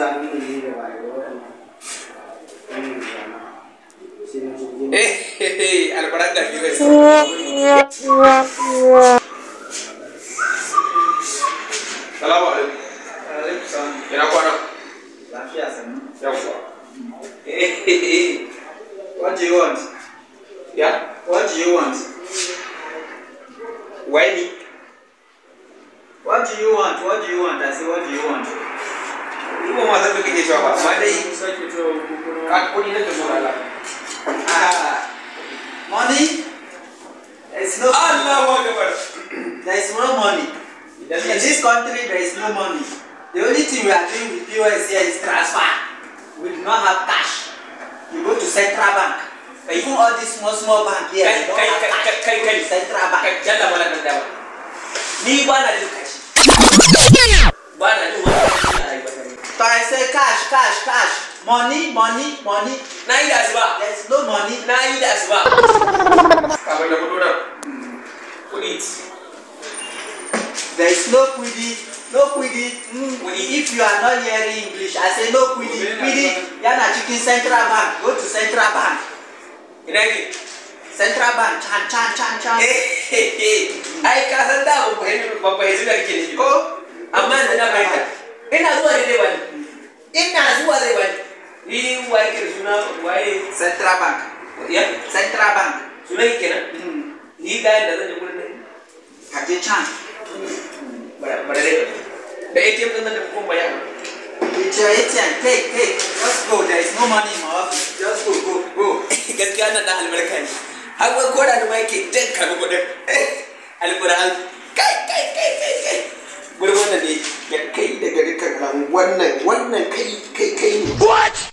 zagin ne da wayo waɗannan albaran da biyu salamu alaikum ina kwana lafiya sannu yawwa what do you want yeah what do you want why me what do you want what do you want i say what do you want nake cewa ba amma dai ka kudi nake so Allah money there is no Allahu akbar there is no money in this country there is no money the only thing we are doing with POS here is transfer we do not have cash you go to central bank even all these small small bank here kai kai kai kai kai central bank jalla wala da ni ba na da kashi ba cash cash money money money. na yi da zuba. there is no money. na yi da zuba. kàwé ìjọba tó náà put it. there is no quidi no quidi mm, if you are not hearing english i say no quidi quidi yana chicken central bank go to central bank. inaki. central bank Chan, chan, chan, can Hey, hey, ka san da ba fahimci ba fahimci da kake nufi. ko amma da na fahimta ina zuwa daidai ba ina zuwa zai bani ni waye ke suna waye central bank ya central bank suna yake nan hmm. ni ga yadda zan je gurin nan ka je can bare bare da ATM din nan tafi kuma ya bayan It's your ATM. Take, take. Just go. There is no money in my office. Just go, go, go. Gaskiya nan da albarka ne. Har wai ko da ma yake jan karbi kuɗin. Alƙur'an. Kai, kai, kai, kai, kai. Gurbin da ne. Kai, wannan wannan kai kai kai what